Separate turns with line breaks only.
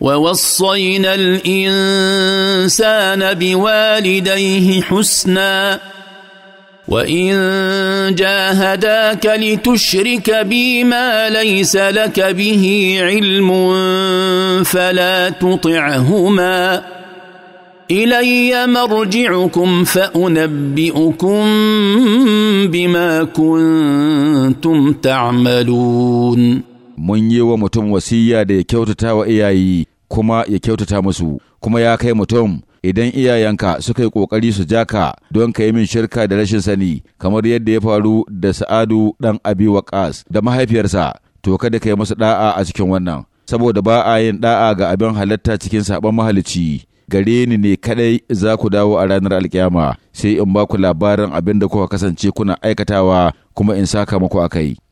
ووصينا الانسان بوالديه حسنا وان جاهداك لتشرك بي ما ليس لك به علم فلا تطعهما الي مرجعكم فانبئكم بما كنتم
تعملون mun yi wa mutum wasiya da ya kyautata wa iyaye kuma ya kyautata musu kuma ya kai mutum idan iyayenka suka yi ƙoƙari su jaka don ka yi min shirka da rashin sani kamar yadda ya faru da sa'adu ɗan abi waqas da mahaifiyarsa to kada ka yi musu ɗa'a a cikin wannan saboda ba a yin ɗa'a ga abin halatta cikin saɓon mahalicci gare ni ne kadai za ku dawo a ranar alkiyama sai in ba ku labarin abin da kuka kasance kuna aikatawa kuma in saka muku akai